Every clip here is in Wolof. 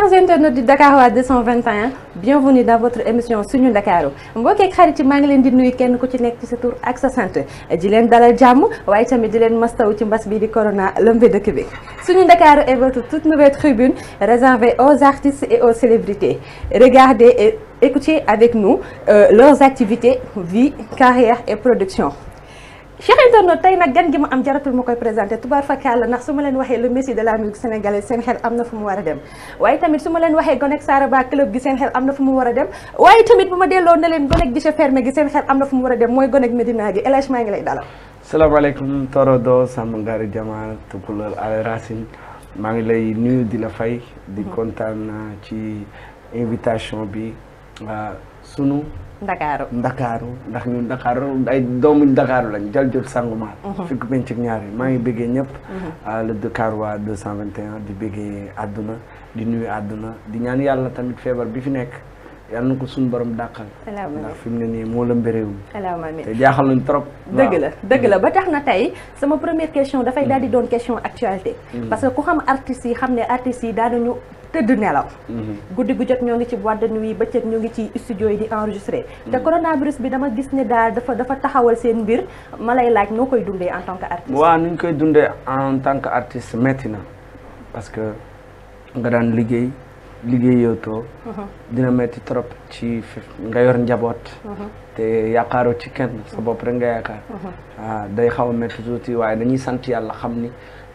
chers internautes du 221 bienvenue dans votre émission suñu Dakar. Je vous xarit yi ngi leen di nuyu kenn ku ci nek ci sa tour ak sa sant di len dalal jamm waaye tamit di len mastaw ci mbass bi di corona lembe de est votre toute nouvelle tribune réservée aux artistes et aux célébrités regardez et écoutez avec nous euh, leurs activités vie carrière et production Cheikh Internet tey nag gan gi ma am jaratul ma koy présenté tubaar fakàlla ndax su ma leen waxee le Messi de la musique sénégalaise seen xel am na fu mu war a dem waaye tamit ma leen waxee Gonek Saraba club gi na fu mu war a dem waaye tamit bu ma delloo na leen Gonek guichet fermé gi seen xel am na fu mu war a dem mooy Gonek Medina gi El Hadj maa ngi lay dalal. salaamaaleykum Torodo Samba Ngari Jama Tukulal Al maa ngi lay nuyu di la fay. di mm-hmm. kontaan ah, ci invitation bi ah, sunu. Ndakaaru Ndakaaru ndax ñun Ndakaaru ay doomu Ndakaaru lañ jal jëf sangumaar mhm. fukki penc ak ñaar yi maa ngi béggee ñëpp mhm. ah, le Dakar waa 221 di béggee àdduna di nuyu àdduna di ñaan yàlla tamit feebar bi fi nekk yàlla na ko suñu borom dàqal ndax fi mu ne nii moo la mbéréewu te jaaxal nañ trop dëgg la dëgg la mm-hmm. ba tax na tey sama première question dafay mm-hmm. daal di doon question actualité mm-hmm. parce que ku xam artistes yi xam ne artistes yi daanañu tëdd nelaw mhm. guddi gu jot ñongi ci boîte de nuit bëccëg ñoo ñongi ci studio yi di enregistrer te coronavirus bi dama gis ne daal dafa dafa taxawal seen bir ma lay laaj noo koy dundee en tant que artiste wa ñu koy dundé en tant que artiste metina na parce que nga daan liggéey liggéey yow mhm. dina metti trop ci nga yor njabot mhm. te yaqaro ci kenn sa bop rek nga yaqaar ah day xaw metti tuti tuuti dañuy sante yalla xamni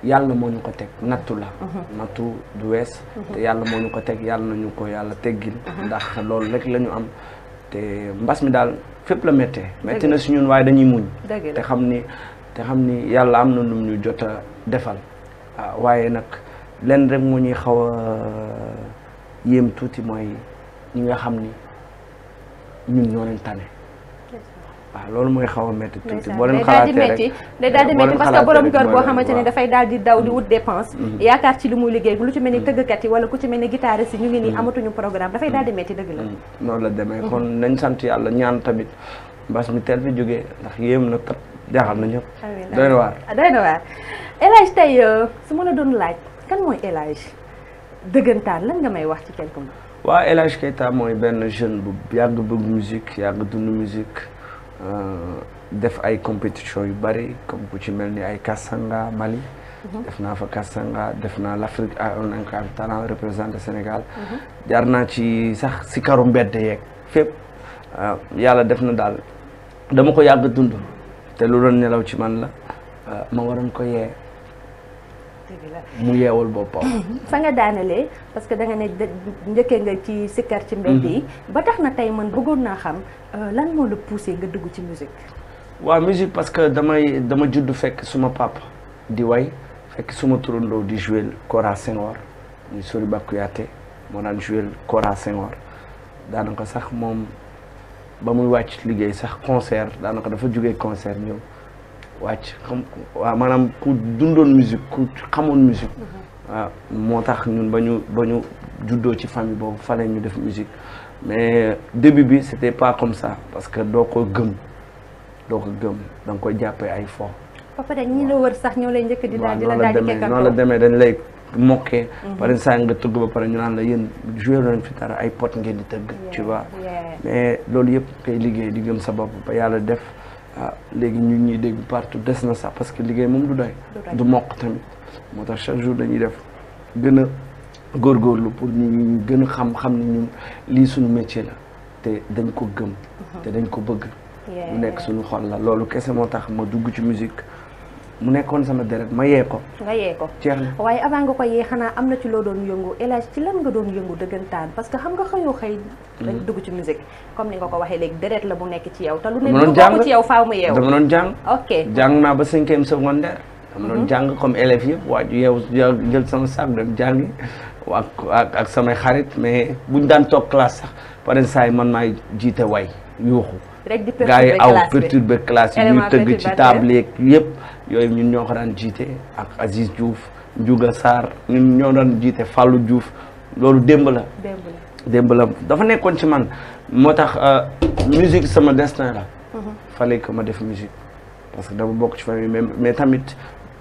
yàlla moo ñu ko teg nattu la uh-huh. nattu du wees uh-huh. te yàlla moo ñu ko teg yàlla nañu ko yàlla teggil uh-huh. ndax loolu rek lañu am te mbas mi daal fépp la méttee métti na si ñun waaye dañuy muñ te xam ni te xam ni yàlla am na lu ñu jot defal ah, waaye nag lenn rek moo ñuy xaw a yéem tuuti mooy ñi nga xam ni ñun ñoo leen tane waaw ah, loolu mooy xaw a métti tuuti boo leen xalaatee rek day daal di métti parce que borom kër boo xamante ne dafay daal daw di wut mm-hmm. dépense mm-hmm. yaakaar ci li muy liggéey lu ci mel ni mm-hmm. tëggkat yi wala ku ci mel ni guitariste yi ñu ngi nii amatuñu programme dafay daal di métti dëgg la noonu la demee kon nañ sant yàlla ñaan tamit mbas mi teel fi ndax yéem na kat jaaxal na ñëpp doy na waar doy na waar El euh, su ma la doon laaj kan mooy El Hadj dëggantaan nga may wax ci quelque mot waaw El Hadj mooy benn jeune bu yàgg bëgg musique yàgg dund musique Euh, def ay compétition yu bëri comme ku ci mel ni ay Kassanga Mali. Mhm. def naa fa Kassanga def naa l'Afrique a ah, un incroyable talent Sénégal. Mhm. jaar naa ci sax si karu mbedd yeeg fépp. Euh, yàlla def na daal dama ko yàgg dund te lu doon nelaw ci man la euh, ma waroon ko yee. mu yeewal boppam. fa nga daanelee parce que da nga ne njëkkee nga ci sikkar ci mbedd yi. Mm-hmm. ba tax na tey man bëggoon naa xam euh, lan moo la poussé nga dugg ci musique. waa musique parce que damay dama judd fekk suma pap di way fekk suma turandoo di jouer Kora Senghor muy Soriba Kouyaté moo daan jouer Kora Senghor daanaka sax moom ba muy wàcc liggéey sax concert daanaka dafa jógee concert ñëw. wàcc xam waaw maanaam ku dundoon musique ku xamoon musique mhm. waaw moo tax ñun ba ñu ba ñu juddoo ci famille boobu fale ñu def musique mais début bi c'était pas comme sax parce que doo ko gëm doo ko gëm da nga koy jàppee ay fo papa dañ ñi ñoo lay njëkk di daal di la daal di noonu la demee dañ lay mokkee mhm. par exemple nga tëgg ba pare ñu naan la yéen joué nañ fi dara ay pot ngeen di tëgg tu vois mais loolu yëpp kay liggéey di gëm sa bopp ba yàlla def ah léegi ñun ñuy dégg partout des na sax parce que liggéey moom du doy du mokk tamit moo tax chaque jour dañuy def gën a góorgóorlu pour ñu gën a xam-xam ni ñun lii suñu métier la te dañ ko gëm uh-huh. te dañ ko bëgg mu nekk suñu xol la loolu kese moo tax ma dugg ci musique mu nekkoon sama deret ma yee ko. nga yee ko jeex na waaye avant nga ko yee xanaa am na ci loo doon yëngu El Hadj ci lan nga doon yëngu dëggantaan parce que xam nga xëyoo xëy. Hmm. dañ ci musique comme ni nga ko waxee léegi deret la bu nekk ci yow. te lu nekk lu bokk ci yow faaw mu yeew dama doon jàng jàng naa ba cinquième secondaire. dama doon hmm. jàng comme élèves yëpp waa ju yeewu jël sama sac dem jàngi ak ak samay xarit mais bu ñu daan toog classe sax pare saa yi man maay jiite way yuuxu. rek aw perturber classe yi ñuy tëgg ci yëpp yooyu ñun ñoo ko daan jiite ak Aziz Diouf Ndiouga Sarr ñun ñoo daan jiite Fallou juuf loolu demb la démb la dafa nekkoon ci man moo tax euh, musique sama destin la mhm. fallait que ma def musique parce que dama bokk ci famille mais mais tamit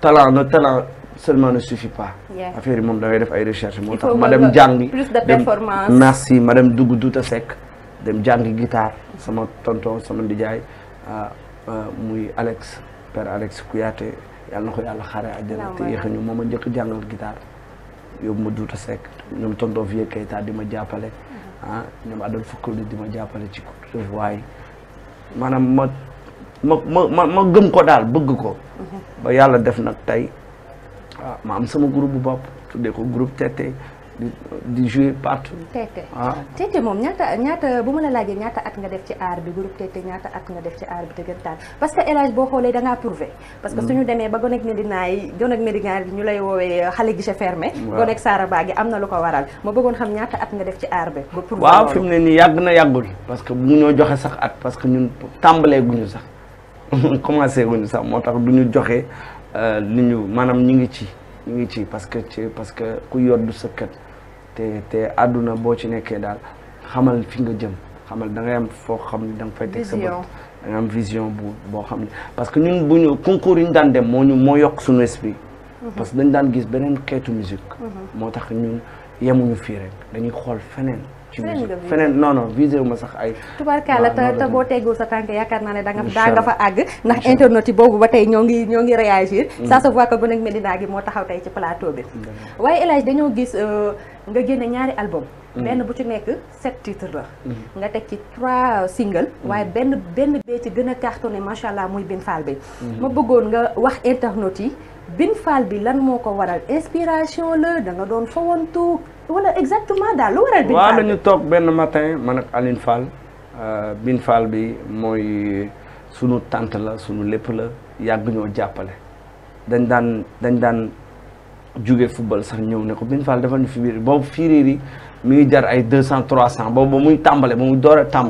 talent na talent seulement ne suffit pas affaire yi moom da def ay recherche moo tax ma dem jàngi plus de performance merci ma dem dugg Douta Seck dem jàngi guitare sama tonton sama ndijaay euh, euh, muy Alex père Alex Kouyaté yàlla na ko yàlla xaaree àjjana te yéex ñu moom a njëkk jàngal guitare yóbbu ma duuta sekk ñoom tonton Vieux Keita di ma jàppale mm-hmm. ah ñoom Adolphe Foucault di ma jàppale ci voix yi maanaam ma ma ma ma gëm ko daal bëgg ko mm-hmm. ba yàlla def nag tey ah, ma am sama group bu bopp tuddee ko groupe Tété di di jouer partout. Tété ah Tété moom ñaata ñaata bu ma la laajee ñaata at nga def ci aar bi groupe Tété ñaata at nga def ci aar bi dëggantaan parce que El Hadj boo xoolee da ngaa prouvé. parce que mm. suñu demee ba gonek Medina yi gonek Medina yi ñu lay woowee xale guichet fermé. waaw gonek Saraba gi am na lu ko waral ma bëggoon xam ñaata at nga def ci aar bi. ba prouvé waaw fi mu ne nii yàgg na yàggul. parce que bu ñoo joxe sax at parce que ñun tàmbalee guñu sax commencé guñu sax moo tax du ñu joxe euh, li ñu maanaam ñu ngi ci. ñu ngi ci parce que ci parce que ku yor du sëkkat te te àdduna boo ci nekkee daal xamal fi nga jëm xamal da ngay am foo xam ne dang nga fay teg sa bët da nga vision bu boo xam ne parce que ñun bu ñu concours yi ñu daan dem moo ñu moo yokk suñu esprit mhm. parce que dañ daan gis beneen xeetu musique mhm. moo tax ñun yemuñu fiire dañuy xool feneen ci musique feneen non non wu ma sax ay tubarkaala te boo teggoo sa tànk yaakaar naa ne danga daa nga fa àgg ndax internet yi boobu ba tey ñoo ngi ñoo ngi réagir mm. ça se voit que bu nag Medina gi moo taxaw tey ci plateau bi mm. waaye El Hadj dañoo gis euh, nga génne ñaari album mm. benn bu ci nekk sept titres la nga teg ci trois single waaye benn benn bee ci gën a cartonné macha allah muy Bin Fall bi ma bëggoon nga wax internet yi Bin Fall bi lan moo ko waral inspiration l da wala exactement daal lu waral. bin Fall waaw benn matin man ak Aline Fall euh, bin fal bi mooy sunu tante la sunu lépp la yàgg ñoo jàppale dañ daan dañ daan jóge football sax ñëw ne ko bin fal defal ñu fi biir boobu firiir yi mi ngi jar ay deux cent trois cent boobu ba muy tàmbale ba muy door a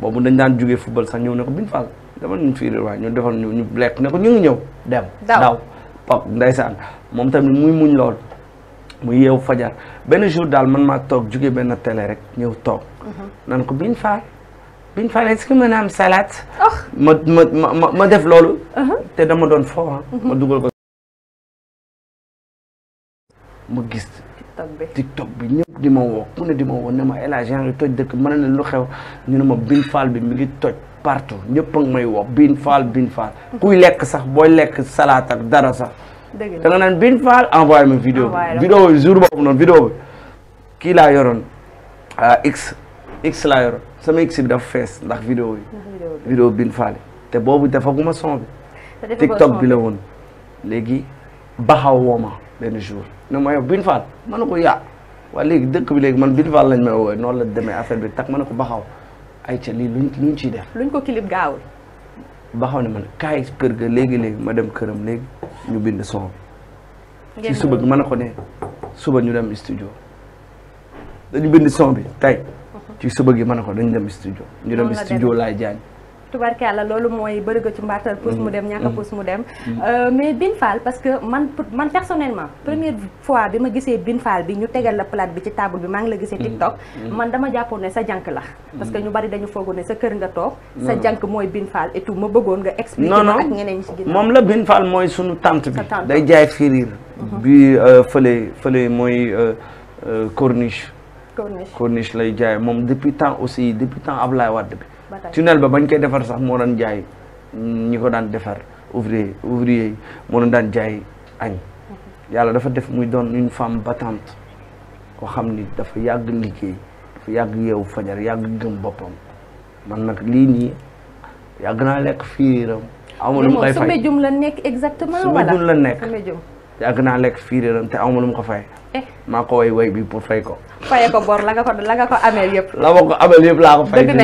boobu dañ daan jóge football sax ñëw ne ko bin Fall defal ñu firiir waaye ñu defal ñu ñu lekk ne ko ñu ngi ñëw dem. daw daw Pape ndeysaan moom tamit muy lool. mu yeew fajar benn jour daal man ma toog jóge benn télé rek ñëw toog. Mhm. nan ko biñ faal biñ faal est-ce que mën oh. ma def loolu. Mhm. te dama doon fo ah. mhm. ma dugal ko. ma gis. tiktok bi ñëpp di ma woo ku di ma woo ne ma El Hadj genre toj dëkk mën na lu xew ñu ne ma bin faal bi mi ngi toj. partout ñëpp a ngi may woo biin faal biin faal kuy lekk sax booy lekk salaat ak dara sax da nga naan Bine Fall envoyé ma vidéo bi vidéo bi jour boobu noonu vidéo bi kii laa yoroon ah, x x laa sama x bi dafa fees ndax vidéo yi vidéo Bine Fall te boobu defaguma son bi TikTok bi la woon léegi baxaw wooma benn jour na ma yow Bine Fall mën na ko yaa waaye léegi dëkk bi léegi man bin Fall lañ may woowee noonu la demee affaire bi tak ma na ko baxaw ay ca lii luñ luñ ba xam ne man kaay kër ga léegi léegi ma dem këram léegi ñu bind son bi. ci suba gi ma ne ko ne suba ñu dem studio dañu bind son bi tey. Mhm. ci suba gi ma ne ko dañu dem studio. ñu dem studio laay jaañ. tubarkàlla loolu mooy bërigo ci mbartal pousse mu mm-hmm. dem ñàkk a pousse mu mm-hmm. dem mm-hmm. Euh, mais Bine Fall parce que man man personnellement première fois bi ma gisee Bine Fall bi ñu tegal la palaat bi ci table bi maa ngi la gisee TikTok man dama jàppoon ne sa jànk la parce que ñu bari dañu foogoon ne sa kër nga toog sa jànk mooy Bine Fall et tout ma bëggoon nga expliquer ma ak ñeneen ñi ci ginnaaw moom la Bine Fall mooy sunu tante bi day jaay firiir bi euh, fële fële mooy euh, corniche corniche lay jaay moom depuis temps aussi depuis temps Ablaye Wade bi tunnel ba bañ koy defar sax moo doon jaay ñi ko daan defar ouvrier ouvrier moo doon daan jaay añ yàlla dafa def muy doon une femme battante koo xam ni dafa yàgg liggéey dafa yàgg yeewu fajar yàgg gëm boppam man nag lii nii yàgg naa lekk fiiram amul lu koy fay su ma jum la nekk exactement wala su ma jum la nekk yàgg naa lekk fii réeram te amul lu mu ko fay. Eh. maa ko way way bi pour fay ko. faye ko bor la nga ko la ko ameel yëpp. la ma ko ameel yëpp laa ko fay. dëgg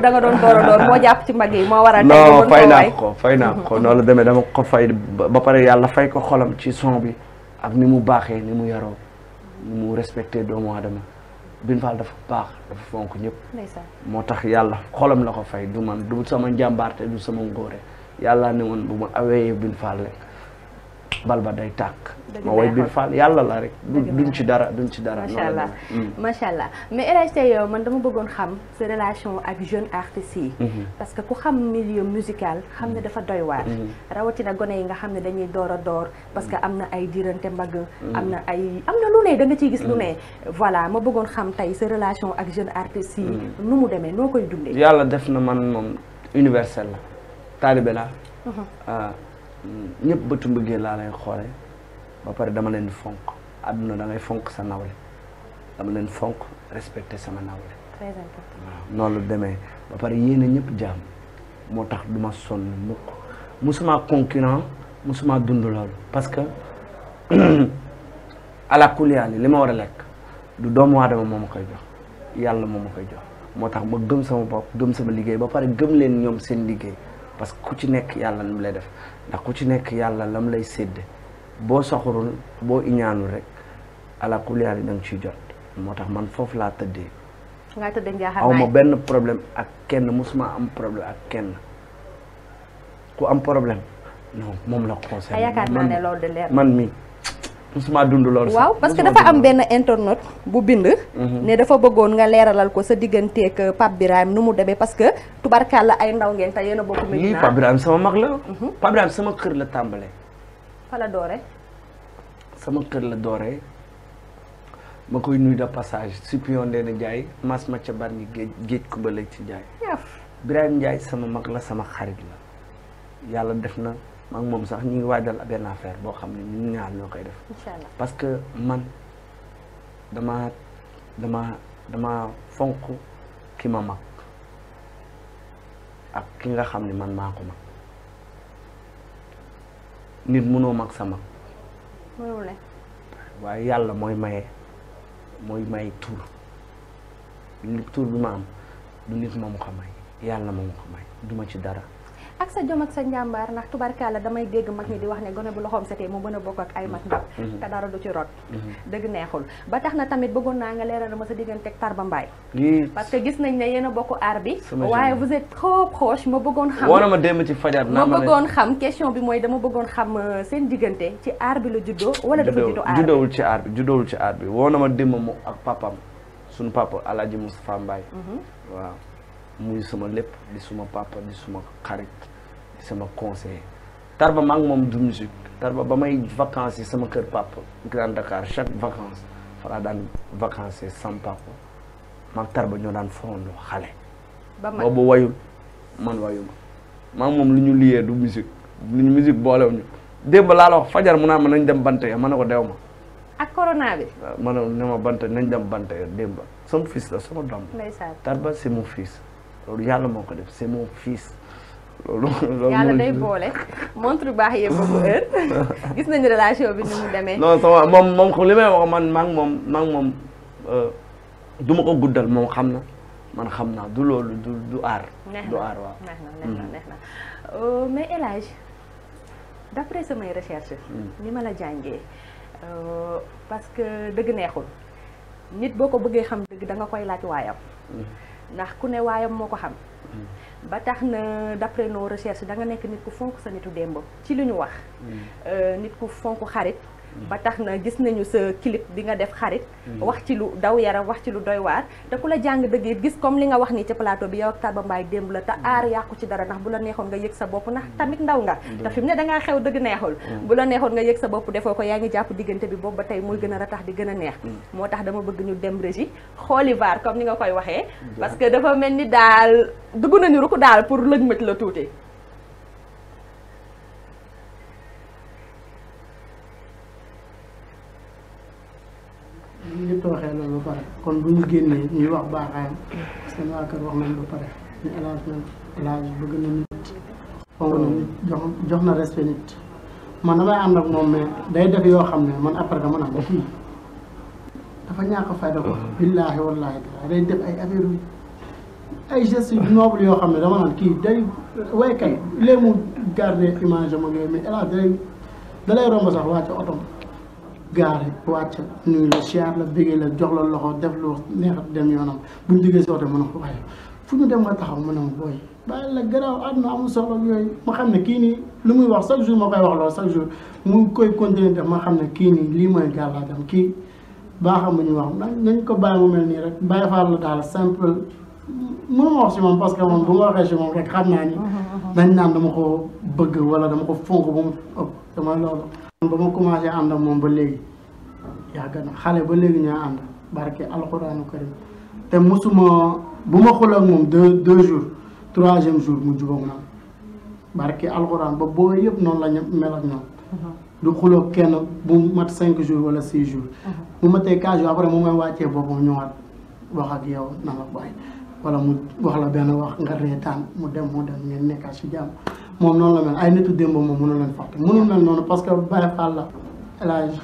da a door moo ci mag yi moo waral. non fay naa ko fay naa ko noonu demee dama ko fay ba pare yàlla fay ko xolam ci son bi ak ni mu baaxee ni mu yaroo mu respecté doomu aadama Bin Fall dafa baax dafa fonk ñëpp. moo tax yàlla xolam la ko fay du man du sama njàmbaarte du sama ngóore yàlla ne woon bu ma awee Bin Fall rek. bal ba day tàkk ma way biir faal yàlla la rek duñ ci dara duñ ci dara macha allah macha allah mais El yow man dama bëggoon xam sa relation ak jeune artistes yi mhm. parce que ku xam milieu musical xam ne mhm. dafa doy waar mhm. rawatina gone yi nga xam ne dañuy door a door parce que am na ay diirante mbagg am na ay am na lu ne da nga ciy gis lu ne voilà ma bëggoon xam tey sa relation ak jeune artistes yi nu mu demee noo koy dundee yàlla def na man moom universel la ñëpp bëtu mbëggee laa lay xoole ba pare dama leen fonk àdduna da ngay fonk sa nawle dama leen fonk respecté sama nawle très important noonu la demee ba pare yéene ñëpp jàmm moo tax du ma sonn mukk musuma concurrent musuma dund loolu parce que ala kuliyaali li ma war a lekk du doomu aadama moo ma koy jox yàlla moo ma koy jox moo tax ma gëm sama bopp gëm sama liggéey ba pare gëm leen ñoom seen liggéey parce que ku ci nek yalla nu lay def ndax ku ci nek yalla lam lay sédd bo soxorul bo iñanu rek ala kuliyaar yi da nga ciy jot moo man foofu la tëddee nga tëddee njaaxaan aw awma ben problème ak kenn musuma am problème ak kenn ku am problème non mom la conseil yaakaar man mi musuma dund loolu waaw parce que dafa am ben internet bu bind mhm. ne dafa bëggoon nga leeralal ko sa digganteeg euh, Pape Birahim nu mu demee parce que tubarkàlla ay ndaw ngeen te yéen a bokk mi Pape Birahim sama mag la mhm. Pape Birahim sama kër la tàmbale fa la doore kër la doore ma koy nuyu de passage Supion Ndéné Ndiaye mas ma ca barñi géej géej ku ba lay ci Ndiaye Birahim sama mag la sama xarit def na ma moom sax ñu ngi waajal benn affaire boo xam ne ñun koy def man dama dama dama fonk ki ma mag ak ki nga xam ni man maa ko mag nit mënoo mag sa mag waaye yàlla mooy maye mooy may tuur li tur bi ma am du nit ma mu may yàlla ma mu may duma ci dara ak sa jom ak sa nak nah tubarka la damay deg mag ni di wax mhm. mhm. ne gone bu loxom setee mo meuna bok ak ay mat ndax ta dara du ci rot deug neexul ba taxna na tamit bëggoon na nga leral ma sa diggante Tarba mbay parce que gis nañ ne yena bokku bokk aar bi waaye vous êtes trop proche mo bëggoon xam woon na ma démb ci fajar ma xam question bi moy dama xam sen ci la juddo wala dafa juddo arbi bi ci aar bi juddoowul ci aar bi ak papam sun papa Alaaji mustafa mbay mhm. waaw muy sama lepp di suma papa di suma xarit sama conseiller Tarba mang mom musique Tarba bamay vacances sama cœur papa Grand Dakar chaque vacances fala des vacances papa Tarba bobu wayul man wayuma mom luñu du musique musique la wax fajar mu ma dem bante ko ak corona bi dem fils la sama Tarba c'est mon fils def c'est mon fils loolu loolu yàlla day boole montre baax yee boobu heure gis nañu relation bi ni mu demee. non moom moom may wax man maa moom maa ngi euh, du ma ko guddal moom xam na man xam naa du loolu du du aar. du aar mm. neex na neex na euh, mais El Hadj samay recherche mm. ni ma la jàngee euh, parce que dëgg neexul nit boo ko bëggee xam dëgg da nga koy laaj waayam. Mm. ndax ku ne waayam moo ko xam. ba tax na d'après nos recherches da nga nekk nit ku fonk sa nitu démb ci li ñu wax mm. euh, nit ku fonk xarit ba tax na gis nañu sa clip bi nga def xarit mm-hmm. wax ci lu daw yaram wax ci lu doy waar te ku la jàng dëgg gis comme li nga wax nii ci plateau bi yow ak Taba Mbaye démb la te mm-hmm. aar yàqu ci dara ndax bu la neexoon nga yëg sa bopp nax tamit ndaw nga te mm-hmm. fi mu ne dangaa xew dëgg neexul bu la neexoon nga yëg sa bopp defoo ko yaa ngi jàpp diggante bi boobu ba tey muy gën a ratax di gën a neex moo tax dama bëgg ñu dem régie xooli vaar comme ni nga koy waxee parce que dafa mel ni daal dugg nañu ruku daal pour lëj mët la tuuti ñëpp waxee loolu ba pare kon bu ñu génnee ñuy wax baaxaayam parce que waa kër wax nañ ba pare ñu élage nañ élage bëgg na nit fonk na nit jox na respect nit man damay ànd ak moom mais day def yoo xam ne man après dama naan ba kii dafa ñàkk fayda ko mm-hmm. day def ay affaire bi yoo xam ne dama kii day waykat léegi mu garder image am yooyu mais élage dalay dalay sax waa otom gaare wàcc nuyu la siyaar la bégee la jox la loxo def lu neexat dem yoonam bu ñu jógee si oto mën fu ñu dem nga taxaw mën a booy bàyyi la garaaw àdduna amul solo ak yooyu xam ne kii nii lu muy wax chaque ma koy wax loolu chaque mu koy continuer ma xam ne kii nii lii mooy gàllaajam kii baaxam bu ñu wax nañ ko bàyyi mu nii rek bàyyi faal la daal simple si moom parce que moom bu ma rek xam naa ni mm-hmm, mm-hmm. dañ dama ko bëgg wala dama ko fonk ba mu ëpp dama loolu ba mu commencé ànd ak moom ba léegi yàgg xale ba léegi ñoo ànd barke alxuraanu karim te mosuma bu ma xul ak moom deux deux jours troisième jour mu jubóog na barke alxuraan ba boo yëpp noonu la ñu mel ñoom. Uh-huh. du xuloo kenn bu mat cinq jours wala six jours. bu uh-huh. matee quatre jours après mu may wàccee boppam ñëwaat wax ak yow na la bàyyi wala mu wax la benn wax nga reetaan mu dem mu dem ngeen nekkaat si jàmm. moom noonu la mel ay nitu démb moom mënul leen fàtte mënul mel noonu parce que Baye Fall la El Hadj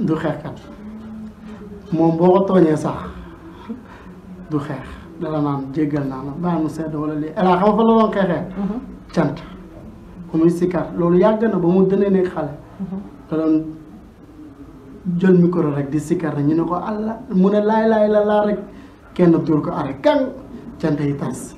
du moom boo ko tooñee sax du xeex dala naan jéggal naa la bàyyi mu sedd wala lii El Hadj fa la doon xeexee. Mhm. cant ku muy sikar loolu yàgg na ba mu dënee nekk xale. Mhm. da doon jël micro rek di sikar rek ñu ne ko Allah mu ne laay laay la laa rek kenn tuur ko arrêt kan cant yi tas.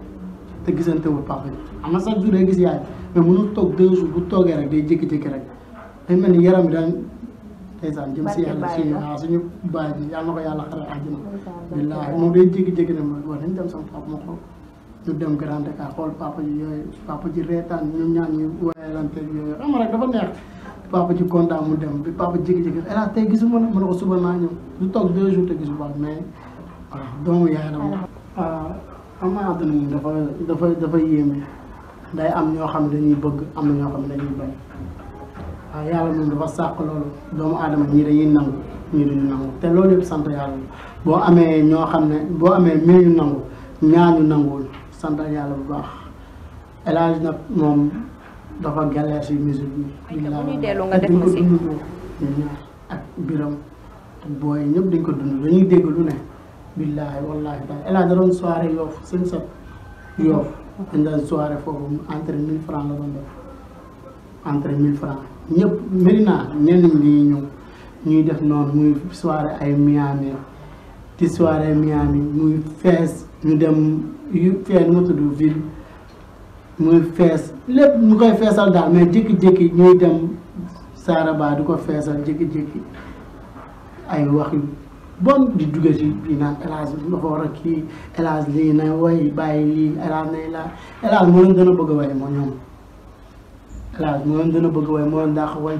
te gisante wul papa ji am na sax du day gis yaay mais mënul toog deux jours bu toogee rek day jékki-jékki rek day mel ni yaram bi daan ndeysaan jëm si yàlla suñu waaw ah, suñu baay bi yàlla na moom day jékki-jékki ne ma nañ dem sama papa ma xool ñu dem Grand Dakar xool papa ji yooyu papa ji reetaan ñoom ñaan ñu wayalante yooyu xam rek dafa kontaan mu dem bi papa jékki-jékki El Hadj na mën na ko suba naa ñëw ñu toog deux jours te gisu baax mais waaw doomu yaay la moom xam nga àdduna moom dafa dafa dafa yéeme day am ñoo xam ne dañuy bëgg am na ñoo xam dañuy bañ waaw yàlla moom dafa sàq loolu doomu aadama ñii dañuy nangu ñii dañuy nangu te loolu yëpp sant yàlla boo amee ñoo xam ne boo amee mii ñu nangu ñaar ñu nanguwul bu baax El Hadj nag moom dafa gàllee si musique bi. ay la bu ñuy dellu nga def ak biram booy ñëpp dañ ko dund dañuy dégg lu ne. billaahi wallaahi ba El da doon soirée yoof seen sat yoof dañ doon soirée foofu entre mille francs la doon entre mille francs ñëpp Medina ñenn ñi ñëw ñuy def noonu muy soirée ay Miami ci soirée Miami muy fees ñu dem yu fee nu tudd ville muy fees lépp ñu koy feesal daal mais jékki-jékki ñuy dem Saraba di ko feesal jékki-jékki ay wax yu bon di duggee ci bii naan El Hadj bi dafa war a kii El Hadj lii na way bàyyi lii El nay laa El moo leen gën a bëgg a way moo ñoom El Hadj moo gën a bëgg a moo dàq way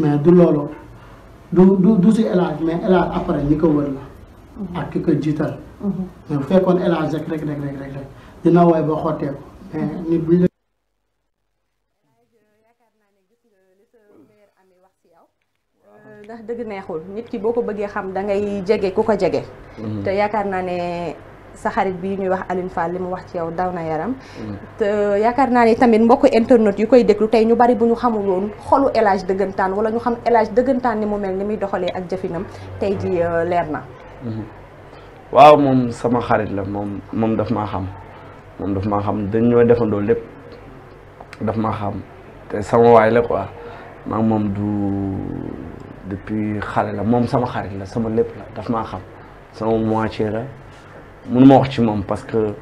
mais du loolu du du du si El mais El Hadj après ko wër la ak ki ko jiital mm-hmm. mais bu fekkoon El rek rek rek rek rek dina way ba xottee ko mais nit bu ndax dëgg neexul nit ki boo ko bëggee xam da ngay jege ku ko jege. Mhm. te yaakaar naa ne sa xarit bi ñuy wax Alioune Fall li mu wax ci yow daw na yaram. Mhm. te yaakaar naa ne tamit mbokku internet yu koy déglu tey ñu bari bu ñu xamul woon xolu El dëggantaan wala ñu xam El dëggantaan ni mu mel ni muy doxalee ak jëfinam tey ji euh, leer na. Mhm. waaw moom sama xarit la moom moom daf maa xam moom maa xam dañ ñoo defandoo lépp daf maa xam te sama waay la quoi maa moom du. depuis xale la moom sama xarit la sama lépp la daf maa xam sama moitié la mun ma wax ci moom parce que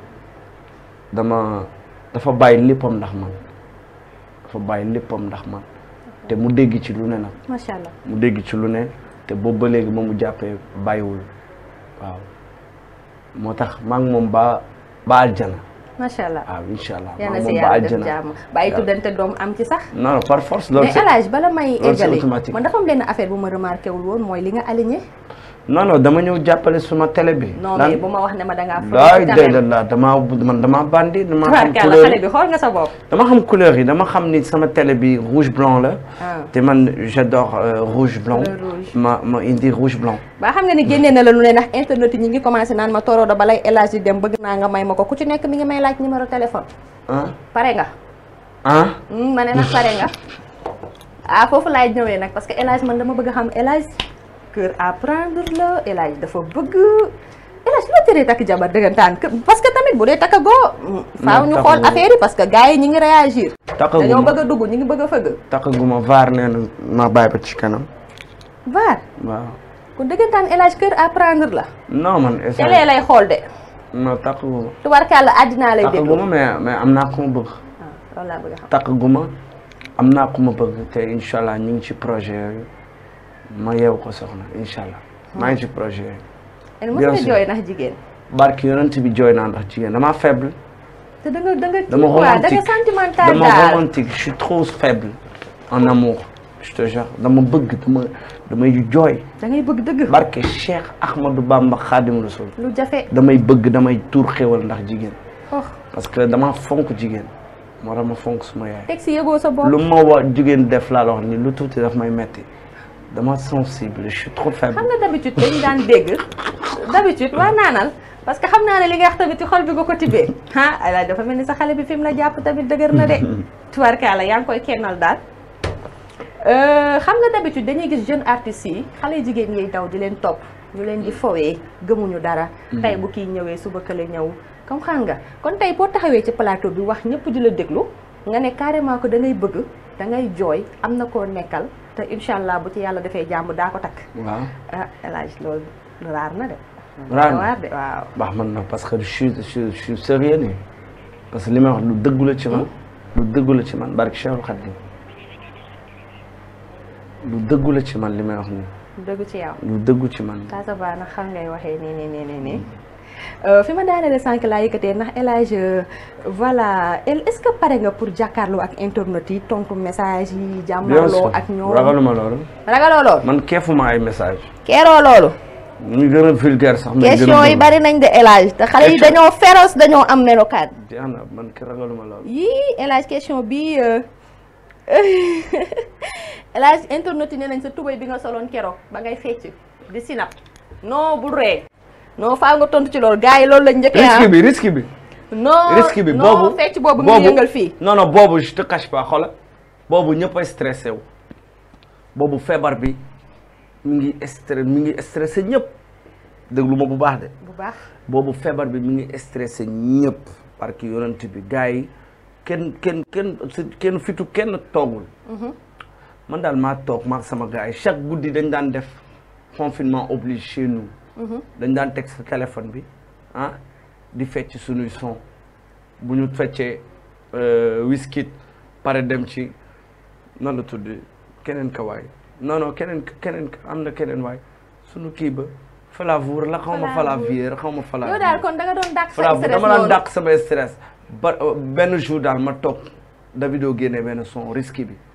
dama dafa bàyyi léppam ndax man dafa bàyyi léppam ndax man te mu dégg ci lu ne nag. mu dégg ci lu ne te boobu ba léegi ba mu jàppee bàyyiwul waaw moo tax maa moom ba ba macha allah ah incha allah yal na si yàlla bàyyi tuddante doom am ci sax. non par force loolu c'est mais El Hadj bala may. loolu c'est automatique égali man dafa am benn affaire bu ma remarqué wul woon mooy li nga aligné. non dama ñëw jàppale suma télé bi. non mais bu ma wax ne ma da ngaa fay tamit la damaa man damaa bandi. dama xam couleur xale bi nga sa bopp. dama xam couleur yi dama xam ni sama télé bi rouge blanc la. Ah. man j'adore euh, rouge blanc. ma ma indi rouge blanc. ba xam nga ni génnee na la lu ne ndax internet yi ñu ngi commencé naan ma Toro da balay El Hadji dem may ma ko ku ci nekk mi may laaj numéro téléphone. ah pare nga. ah. ma ne nag pare nga. ah foofu laay ñëwee nag parce que El Hadji man dama bëgg xam El cœur à prendre la El Hadj dafa bëgg El Hadj loo teree takk dëggantaan parce que tamit bu dee takkagoo. Hmm, faaw ñu xool affaire yi parce que gars yi ñu ngi réagir. takkaguma dañoo bëgg ñu ngi bëgg a fëgg. takkaguma vaar nee na ma ba ci kanam. vaar dëggantaan El Hadj cœur à prendre la. non xool de. non takkaguma. tubarkalla àddinaa lay déglu takkaguma mais mais am naa ku ma bëgg. waaw ah, bëgg a xam takkaguma am naa ku bëgg te incha allah ñu ngi ci projet yooyu. ma yeew ko soxna incha allah maa ngi ci projet yooyu. bien sûr ndax jigéen. barki bi jooy naa ndax jigéen dama faible. dama romantique je suis trop faible en amour. dama bëgg dama damay jooy. da ngay bëgg dëgg. barke Cheikh Ahmadou Bamba Khadim Rasoul. lu jafe damay um bëgg damay um tuur xéwal ndax jigéen. Oh. parce que dama fonk jigéen. moo ma fonk suma yaay. teg sa lu ma jigéen def laa la wax ni lu tuuti daf may metti dama sensible je suis trop faible. d'habitude, tu es dans daan dégg d'habitude waa naanal parce que xam naa ne li nga wax tamit ci ala ah, dafa mel ni sa xale bi fi mu la jàpp tamit dëgër na de. tubaarkaala yaa ngi koy kennal daal. Euh, xam nga d'habitude dañuy gis jeune artistes yi xale jigéen ñiy di leen di fowee gëmuñu dara. Mm-hmm. tey bu kii suba kële ñëw. comme xam kon tey boo taxawee ci plateau bi wax ñëpp di la déglu nga ne carrément ko da ngay bëgg da ngay te incha allah bu ci yàlla defee jàmm daa ko takk. waaw ah El raar na de. raar de waaw. man na parce que je suis je suis sérieux parce que li may wax lu dëggu la ci man. lu dëggu la ci man barke Cheikhul Khadim lu dëggu la ci man li may wax dëggu ci yow. lu dëggu ci man. Tata Ba nag ngay waxee nii nii nii nii. Euh, fi ma daanelee sànq laa yëkkatee ndax El Hadj voilà est-ce que pare nga pour jàkkaarloo ak internet yi tontu message yi. jàmmaloo ak ñoom ragaluma loolu. ragaloo loolu. man keefuma ay message keeroo loolu. ñu gën a vulgaire sax. question yi bari nañ de El Hadj te xale yi dañoo féroce dañoo am melokaan. jeex na man ragaluma loolu. yii El Hadj question bi euh, El Hadj internet yi nee nañ sa tubay bi nga soloon keroog ba ngay fecc di sinap non bu ree non faaw nga tontu ci loolu gars não loolu lañ njëkkee Não, risque ah. bi risque bi. non risque bi Não, non fecc boobu nga yëngal fii. non non não je te cache pas xoolal boobu ñëpp a stressé wu boobu não bi mi ngi stressé mi ngi stressé ñëpp déglu bu baax de. bu baax boobu feebar bi mi ngi stressé ñëpp parce que yonent bi gars yi kenn kenn kenn kenn fitu kenn toogul. Mhm. man daal maa toog maak sama gars yi chaque guddi dañ daan def confinement obligé chez nous. dañ daan teg sa téléphone bi ah di fecc suñuy son bu ñu feccee euh, Wizkid pare dem ci nan la tudd keneen ka waay keneen non keneen keneen am na keneen waay sunu kii ba Falavour la xaw ma Falavier xaw ma Falavier yow daal kon da nga doon dàq sa stress sama stress ba euh, benn jour daal ma toog Davido génne benn son risque bi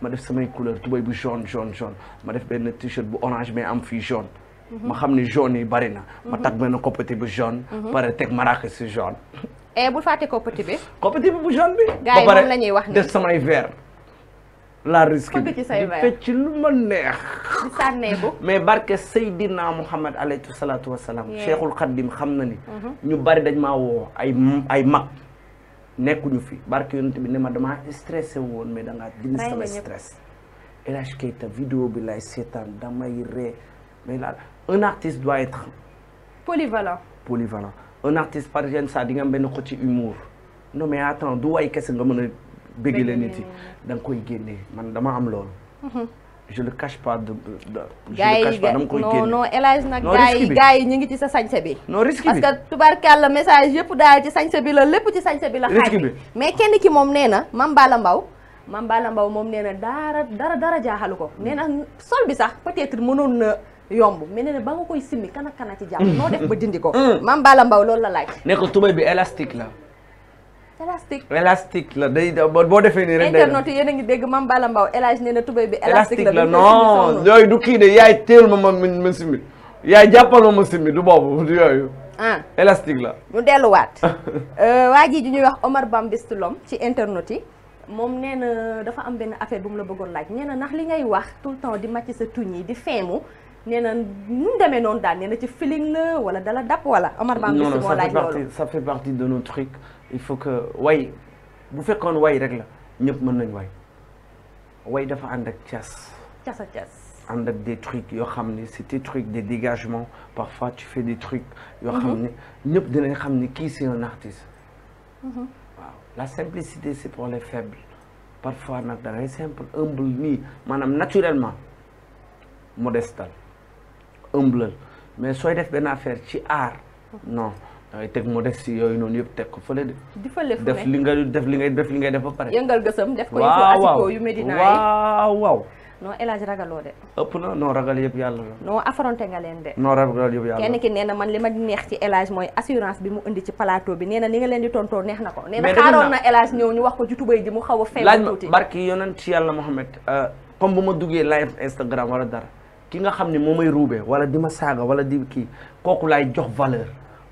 ma def samay couleur tubéy bu jaune jaune jaune ma def benn t-shirt bu orange mais am fii jaune mhm. ma xam ne jaune yi bari na ma mhm. tag benn coppite bu jaune mhm. pare teg maraaka si jaune eh bu fàtte coppite bi coppite bi bu yi moom la wax ne def samay vert la risque bi di fecc lu ma neex di sànneeku mais barke Seydina Muhammad alayhi salaatu wasalaam Cheikhul Khadim xam na ni ñu bari dañ maa woo ay ay nekkuñu fi barke yonent bi ne ma damaa stressé woon mais dangaa dindi sama stress El Hadj Keita vidéo bi lay seetaan damay ree mais là un artiste doit être polyvalent polyvalent un artiste par exemple ça di nga am benn côté humour mais attends du way kese nga mën a bëggale nit da nga koy génnee man dama am loolu mhm. je le cache pas de de. gars yi non non El Hadj nag. gars yi ñu ngi ci sa sañse bi. non risque bi parce que message yëpp daal ci sañse bi la lépp ci sañse bi la. xaaj bi mais kenn ki moom nee na Mame Balla Mbaw Mame Balla Mbaw moom nee na dara dara dara jaaxalu ko nee na sol bi sax peut-être mënoon na yomb mais nee na ba nga koy simmi kana kana ci jàmm. Mm. noo def ba dindi ko. Mm. Mame Balla loolu la laaj. ne ko tubay bi élastique la. élastique élastique la day boo defee nii rek day internet yéen ngi dégg mam Balla Mbaw élage nee na bi élastique la non yoy du ki né yaay téel ma ma min simmi yaay jàppal ma ma simmi du bobu du yooyu ah élastique la ñu wat euh waji ji ñuy wax Omar Bambistu Lom ci internet yi moom nee dafa am ben affaire bu mu la bëggoon laaj nee nax li ngay wax tout le temps di màcc sa tuñi di feemu nee ñu démé non daal nee ci feeling la wala dala dap wala Omar Bambistu moo laaj loolu ça fait partie de nos trucs il faut que way bu fekkone way rek la ñëpp mën nañ way way dafa and ak tias tias à cas ànd ak des trucs yo xamni c'est des trucs des dégagements parfois tu fais des trucs yo xamni ne mm-hmm. dinañ xamni ki c'est un artiste mm-hmm. la simplicité c'est pour les faibles parfois on da simple humble ni manam naturellement modeste. humble mais soy def ben affaire ci art mm-hmm. non dangay teg modestie yooyu noonu yëpp teg ko fële de. di fële fu def li nga def li ngay def li ngay def ba pare. yëngal gësam def ko yu asiko yu Medina yi waaw waaw. non El Hadj ragaloo de. ëpp na non ragal yëpp yàlla la. non affronté nga leen de. non ragal yëpp yàlla kenn ki nee na man li ma neex ci El Hadj mooy assurance bi mu indi ci plateau bi nee na li nga leen di tontoo neex na ko. mais nee na xaaroon na El Hadj ñëw ñu wax ko ci tubay ji mu xaw a. feebar tuuti laaj ma barki yonent ci yàlla Mohamed euh, comme ki nga xam ne moo may ruube wala di ma saaga wala di kii kooku laay jox valeur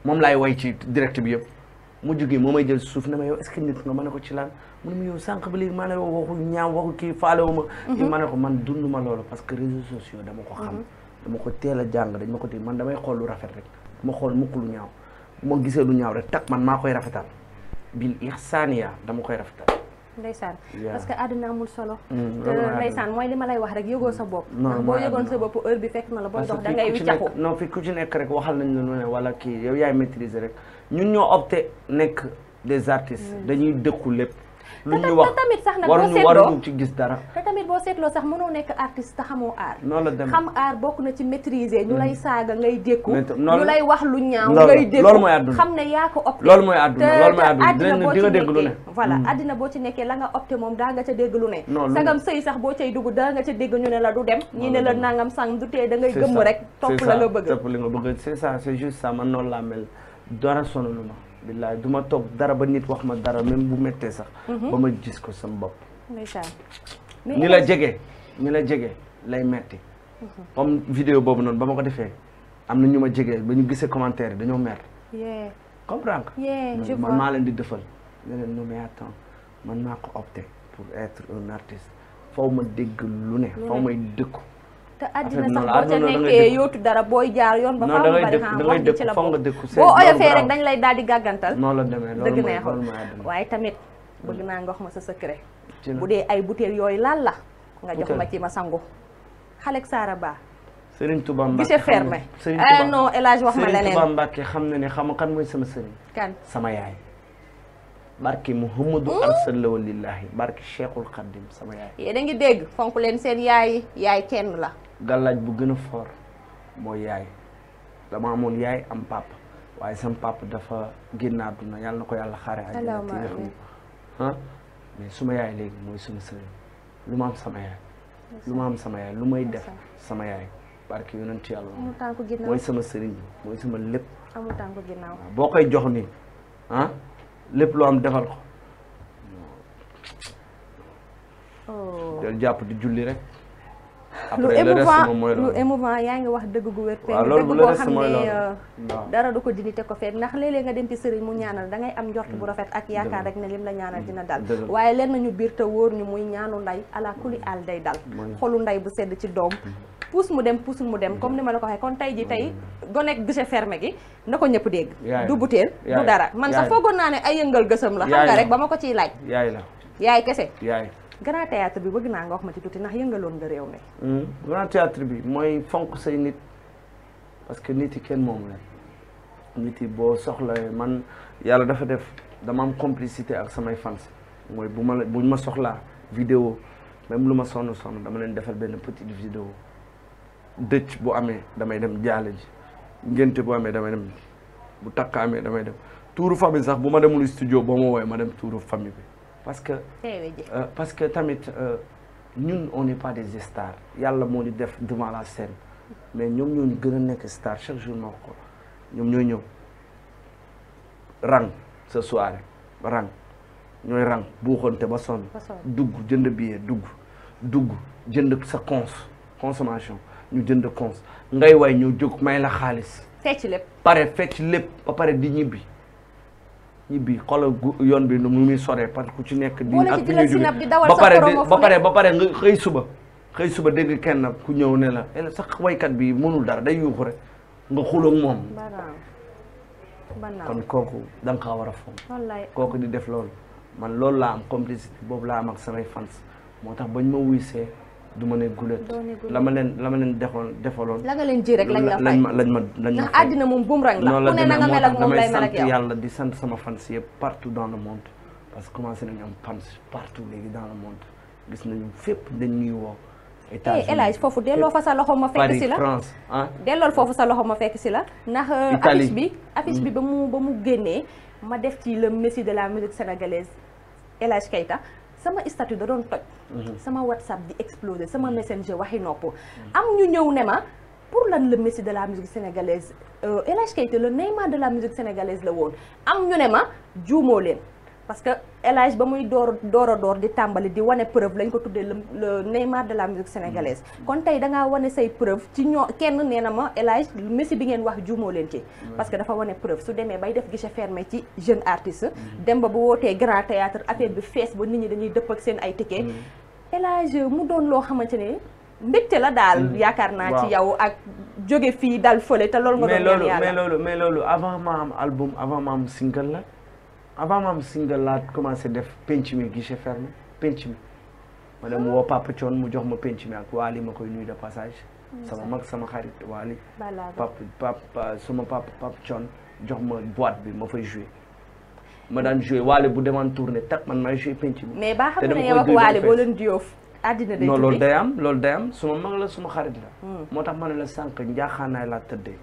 moom laay way ci direct bi yëpp mu jógee moo may jël suuf na ma yow est-ce que nit nga mën ko ci lan mu ne ma yow sànq ba léegi maa ne waxu ñaaw waxu kii faalewu ma mhm. i ma ne ko man dund ma loolu parce que réseaux sociaux dama ko xam mhm. dama ko teel a jàng dañ ma ko téye man damay xool lu rafet rek ma xool mukk lu ñaaw ma gisee lu ñaaw rek tak man maa koy rafetal bil ihsaaniya dama koy rafetal ndeysaan parce que àddina amul solo mm, te ndeysaan mooy li ma lay wax rek yëgoo sa bopp boo yëgoon sa bopp heure bi fekk na la boo dox da ngay wiccaxu non fi ku ci nekk rek waxal nañ la nu ne kii yow yaay maîtriser rek ñun ñoo opté nekk des artistes mm. dañuy dëkku lépp lu ñu wax tamit sax nag boo seetloo waruñu ci gis dara te tamit sax mënoo nekk artiste te xamoo aar la dem xam aar bokk na ci maîtriser ñu lay mm. saaga ngay dékku ñu lay wax lu ñaaw ngay dékku loolu mooy àdduna xam yaa ko opté loolu mooy àdduna loolu mooy àdduna mm. boo ci nekkee la nga opté moom daa nga ca dégg lu ne sagam sëy sax boo cay dugg daa nga ca dégg ñu ne la du dem ñi ne la nangam sang du tee da ngay gëmm rek topp la nga bëgg topp li c'est ça c'est juste ça man noonu laa mel dara sonaluma billaay du ma toog dara ba nit wax ma dara même bu méttee sax. Mhm. ba ma gis ko sama bopp. ndeysaan la jege ni la jege lay metti mhm. comme vidéo boobu noonu ba ma ko defee am na ñu ma jege ba ñu gisee commentaire dañoo mer. comprends nga. man maa leen di defal. ne leen non mais attends man maa ko opté pour être un artiste faw ma dégg lu ne. faw may dëkku. te àddina sax booy jaar yoon ba faaw bari xam wax di ci la lay daal di gàggantal dëgg neexul waaye tamit bëgg naa nga wax ma sa secret bu dee ay butéel yooyu laal la nga jox ma ci ma sangu xale ak saara baa Serigne Touba Mbacke gisee fermé eh, non El Hadj wax ma leneen Serigne Touba xam na ne xam kan mooy sama sëriñ kan sama yaay barke Muhammadu arsala walillahi barke Cheikhul Khadim sama yaay yéen a ngi dégg fonk leen seen yaay yaay kenn la gàllaaj bu gën a foor mooy yaay dama amoon yaay am papa waaye sam papa dafa génn àdduna yàlla na ko yàlla xaare àjjana te yërëm ah mais suma yaay léegi mooy suma sëriñ lu ma am sama yaay lu ma am sama yaay lu may def sama yaay barke yonent yàlla mooy sama sëriñ bi mooy sama lépp amul tànku ginnaaw boo koy jox nii ah lépp loo am defal ko oh. del jàpp di julli rek lu émouvant lu émouvant yaa ngi wax dëgg gu wér peen dëgg boo euh, dara du ko dindi te ko feeg ndax léeg-léeg nga dem ci sëriñ mu ñaanal dangay am njort bu mm. rafet ak yaakaar rek ne lim la ñaanal dina dal waaye leen nañu biir te wóor ñu muy ñaanu nday ala kuli al day dal xolu nday bu sedd ci doom mm. puus mu dem puusul mu dem comme ni ma la ko waxee kon tey ji tey mm. gonek guichet fermé gi na ko ñëpp dégg du butéel du dara man sax foogoon naa ne ay yëngal gësam la xam rek ba ma ko ciy laaj yaay la yaay kese yaay grand théâtre bi bëgg naa nga wax ma ci tuuti nax yëngaloon nga réew mi. Hmm, grand théâtre bi mooy fonk say nit parce que nit yi kenn moomu leen nit yi boo soxla man yàlla dafa def dama am complicité ak samay fans mooy bu ma la bu ma soxlaa vidéo même lu ma sonn sonn dama leen defal benn petite vidéo dëcc bu amee damay dem jaale ji ngénte bu amee damay dem bu takk amee damay dem tuuru famille sax bu ma demul studio boo ma woowee ma dem tuuru famille bi. parce que eh euh, parce que tamit euh, nous, on n'est pas des stars y a le def devant la scène mais nous, ñu a chaque jour nous, nous, nous. rang ce soir rang ñoy rang buuxante ba son dugg jënd billet dugg dugg jënd sa cons consommation ñu jënd cons ngay way Nous, may la di ñibbi xoolal yoon bi nu muy soree parce que ku ci nekk. di ak fi ñuy jógee ba pare ba pare ba pare nga xëy suba. xëy suba dégg kenn ku ñëw ne la eh, sax waykat bi mënul dara day yuuxu rek nga xuloo moom. kon kooku da nga kaa war a foog. wallaay kooku di def loolu. man loolu laa am complicité boobu laa am ak samay fans moo tax bañ ma wuysee du ma ne gulet la ma leen la ma leen defoon defaloon la nga leen ji rek lañ la fay lañ ma lañ ma lañ ma fay moom bumerang la ne na nga mel ak moom lay mel ak yow yàlla di sant sama fans yëpp partout dans le monde que commencé am fans partout léegi dans le monde gis nañu fépp dañ ñuy woo États-Unis foofu delloo fa sa loxo ma fekk si la France ah dellool foofu sa loxo ma fekk si la ndax euh, affiche bi affiche bi mm. ba mu ba mu génnee ma def ci la Messi de la musique sénégalaise El Hadj Keita sama statut da doon toj mhm. sama whatsapp di exploser sama mhm. messenger waxi nopp mhm. am ñu ñëw ne ma pour lan le Messi de la musique sénégalaise euh, El Hadj Keita le Neymar de la musique sénégalaise la woon am ñu ne ma juumoo leen parce que El ba muy door door door di tàmbali di wane preuve lañ ko tuddee le Neymar de la musique sénégalaise mm. kon tey da ngaa wane say preuve ci ñoo kenn nee na ma El Hadj Messi bi ngeen wax jumo leen ci parce que dafa wane preuve su demee bay def guichet fermé ci jeune artiste mm. dem ba bu wootee grand théâtre affaire bi fees ba nit ñi dañuy dëpp ak seen ay ticket mm. El mu doon loo xamante ne mbégte la daal yaakaar naa ci yow ak jóge fii dal fële te loolu nga doon mais loolu mais loolu mais loolu avant ma am album avant la avant ma am single laa commencé def penc mi guichet fermé penc mi ma dem woo Papa Thion mu jox ma penc mi ak Waly ma koy nuyu de passage. sama mag sama xarit Waly. pap pap suma pap Papa Thion jox ma boîte bi ma fay joué. ma daan joué Waly bu demaan tournée tak man maay joué penc mi. mais baax na yow ak Waly boo leen diyoof. àddina day non loolu day am loolu day am suma mag la suma xarit la. Hmm. moo tax ma la sànq njaaxaanaay laa tëddee.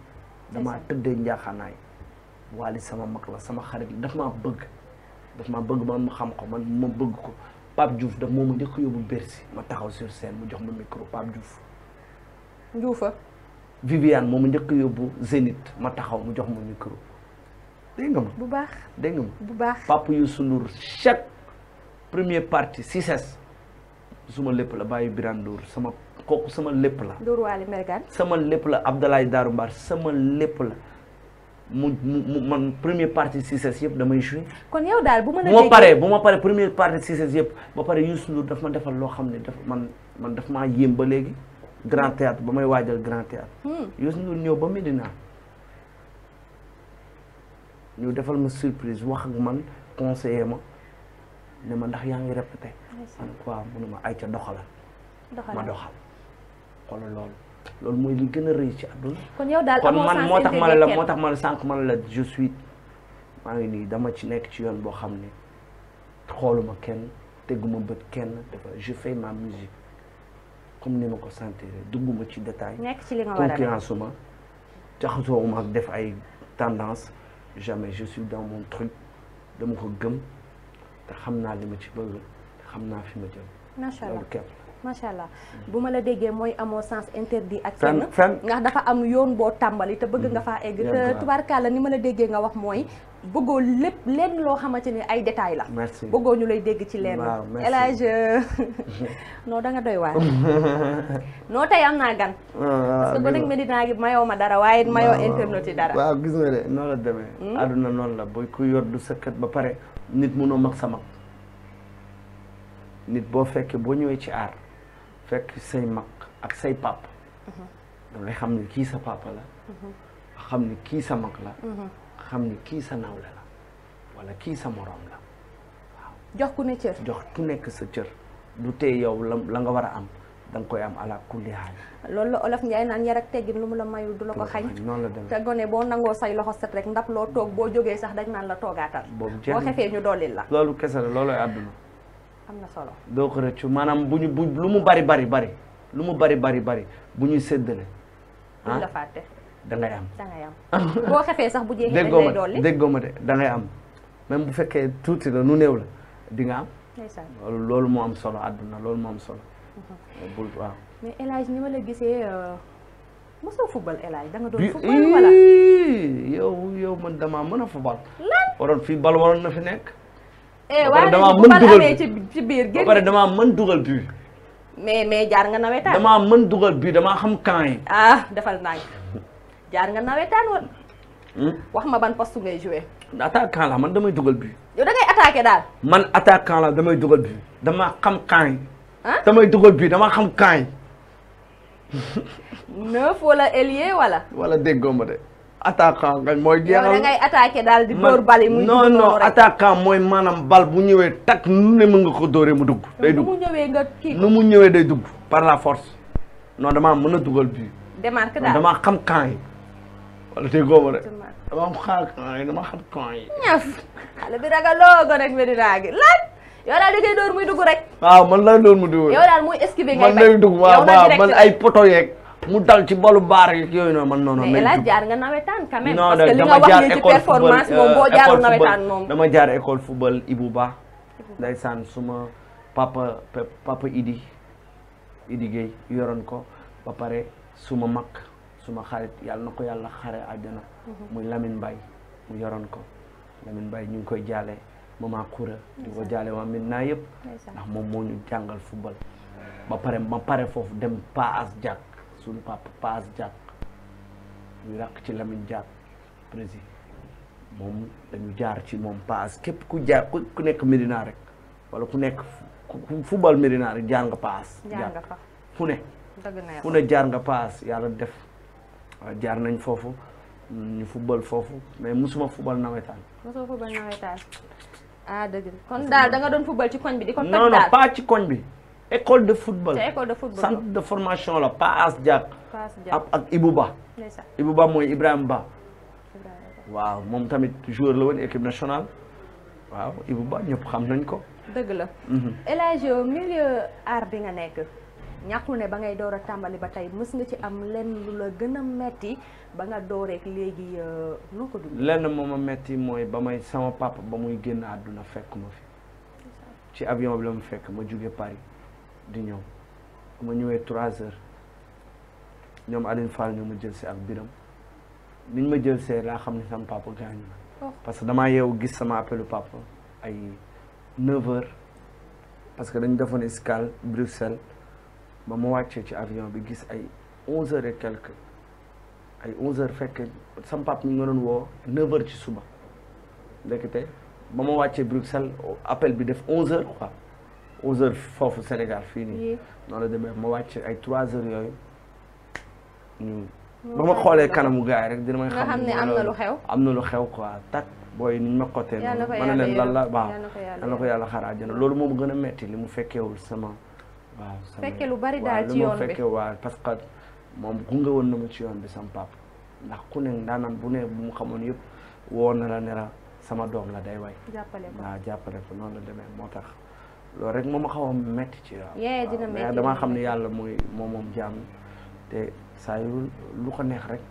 damaa tëddee njaaxaanaay. Wally sama mag la sama xarit la daf maa bëgg daf maa bëgg man mu xam ko man ma bëgg ko Pape Diouf daf moom ma njëkk yóbbu Bercy ma taxaw sur scène mu jox ma micro Pape Diouf Diouf Viviane moom njëkk yóbbu Zénith ma taxaw mu jox ma micro dégg nga ma bu baax dégg nga ma bu baax Pape Youssou Ndour chaque première partie succès suma lépp la bàyyi Birane Ndour sama kooku sama lépp la Ndour Wally Mergane sama lépp la Abdoulaye Darou Mbar sama lépp la mu mu man première partie Cissés yëpp damay joué. kon yow daal bu ma la paree bu ma paree première partie Cissés yëpp ba pare Youssou Ndour daf ma defal loo xam ne dafa man man daf maa yéem ba léegi grand théâtre ba may waajal grand théâtre hmm. Youssou Ndour ñëw ba Medina ñu defal ma surprise wax ak man conseiller ma ne ma ndax yaa ngi répété. man quoi mu ma ay ca doxalal. ma doxal xoolal loolu. loolu moy li gëna a ci àdduna. kon yow dal kon man motax man la motax man sank man la je suis maa ngi nii dama ci nek ci yoon bo xamné xoluma kenn teguma bët kenn dafa je fais ma musique comme ni ma ko sentir dugguma ci détail. nek ci li nga wara a concurrence ma jaxasoowuma ak def ay tendance jamais je suis dans mon truc dama ko gëm te xamna li ma ci bëgg te xam fi ma jëm. macha allah macha allah bu ma la déggee mooy amoo sens interdit ak kenn ndax dafa am yoon boo tàmbali te bëgg nga mm-hmm. faa egg te tubaarkàlla ni ma la déggee nga wax mooy bëggoo lépp lenn loo xamante ni ay détails la bëggoo ñu lay dégg ci lenn El Hadj euh, non da doy waar non tey am naa gan ah, ah, parce que Medina gi mayoo ma dara waaye mayoo internet yi dara waaw gis nga de noonu la deme hmm? àdduna noonu la booy ku yor du sëkkat ba pare nit munoo mag sa mag nit boo fekkee boo ñëwee ci aar fekk say mag ak say papa mhm. da xam ni kii sa papa la mhm. xam ni kii sa mag la mhm. xam ni kii sa nawle la wala kii sa moroom la jox ku ne cër jox ku nekk sa cër du tey yow la nga war a am da nga koy am ala kulli haal loolu la olof Njaay naan yar ak teggin lu mu la mayul du la ko xañ te gone boo nangoo say loxo set rek ndab loo toog boo jógee sax dañ naan la toogaatal boo xefee ñu dollil la loolu kese la loolooy àdduna am na solo doo ko rëccu maanaam bu ñu bu lu mu bari bari bari lu mu bari bari bari bu ñuy séddale. ah la fàtte. da am boo xefee sax bu jeexee dañ lay dolli déggoo ma de da am même bu fekkee tuuti la nu néew la di nga am. loolu moo am solo àdduna loolu moo am solo. Mhm. bul waaw. mais El Hadj ni ma gisee euh, mosoo football El Hadj da doon football wala. yow yow man damaa mën a football. waroon fii bal waroon na fi nekk. Eh, waaye damaa mën dugal ci biir ba pare damaa mën dugal bi mais mais jaar nga nawetaan damaa mën dugal bi damaa xam camp yi. ah defal naa jaar nga nawetaan woon. Hmm? wax ma ban poste ngay joué. attaquant la man damay dugal bi yow da ngay attaqué daal. man attaquant la damay dugal bi dama xam camp yi. ah damay dugal bi damaa xam camp yi. neuf wala ailier wala. wala ma de. attaquant gañ mooy. jeexal yow da ngay attaqué daal di dóor bal yi muy non non attaquant mooy maanaam bal bu ñëwee tak nu ne mën nga ko dóoree mu dugg. day dugg nu mu ñëwee nga kii day dugg par la force non damaa mën a dugal bii. démarque daal damaa xam camp yi wala tey góobo de. damaa xam camp yi damaa xam camp yi. ñaf xale bi ragaloo ko rek Medina gi lan. yow daal da ngay dóor muy dugg rek. waaw man lay dóor mu dugg. yow daal muy esquiver ngay man lay dugg waaw man ay poto yeeg mu ci bolu bar ak yoy noonu man nono mais la jaar nga nawetan quand même. parce que li nga wax ni ci performance mom euh, bo jaar nawetan mom dama jaar école football ibouba ndaysan suma papa papa Idi Idi gay yoron ko ba pare suma mak suma xarit yalla nako yalla xare àjjana. Mhm. muy Lamine bay mu yoron ko Lamine bay ñu ngi koy jaale mama Koura. di ko jale wa Medina yëpp. ndax mom moo ñu jàngal football. ba pare ma pare fofu dem pas As jak suñu papa Paas Diack ñu ràq ci Lamine Diack président moom dañu jaar ci moom Paas képp ku jaar ku nekk Médina rek wala ku nekk football Médina rek jaar nga Paas. jaar nga Paas yàlla def jaar nañ foofu ñu football foofu mais musuma football nawetaan. musuma football nawetaan ah, kon daal da doon football ci koñ bi di ko toj daal non ci koñ bi. école de football centre de formation la Paas Diak ak ak Ibou Ba mooy Ibrahima Ba waaw moom tamit joueur la woon équipe nationale waaw Ibou Ba ñëpp xam nañ ko dëgg la mhm. El Hadj milieu bi nga nekk ñàkkul ne ba ngay door a tàmbali ba tey mës nga ci am lenn lu la gën a metti ba nga dooreek léegi euh, noo ko lenn moom a metti mooy ba may sama papa ba muy génn àdduna fekk ma fi ci avion bi fekk ma jóge Paris di ñëw bu ma ñëwee trois heures ñoom Aline Fall ñoo ma jël si ak biram ni ma jël see laa xam ne sama papa gaañu oh. parce que damaa yeewu gis sama appelu papa ay neuf heures parce que dañu defoon escale Bruxelles ba mu wàccee ci avion bi gis ay onze heures et quelques ay onze heures fekk sama papa mi nga doon woo neuf heures ci suba ndekete ba ma wàccee Bruxelles appel bi def onze heures quoi onze heures foofu senegal fii nii. noonu la demee ma wàcc ay trois heures yooyu ñu. ba ma xoolee kanamu gars yi rek dina may. xam ne am na lu xew am na lu xew quoi tak booy ni ñu ma côté. yàlla ko yàlla leen lan yàlla ko yàlla xaar àjjana loolu moom gën a metti li mu fekkeewul sama. waaw fekke lu bari daal ci yoon bi fekke waaw parce que moom gunge woon na ma ci yoon bi sama papa ndax ku ne daanam bu ne bu mu xamoon yëpp woo na la ne sama doom la day way. jàppale ko waaw noonu la demee moo tax. loolu rek moo ma xaw a métti ci waaw mais damaa xam ne yàlla mooy moom moom jaam te saa yu lu ko neex rek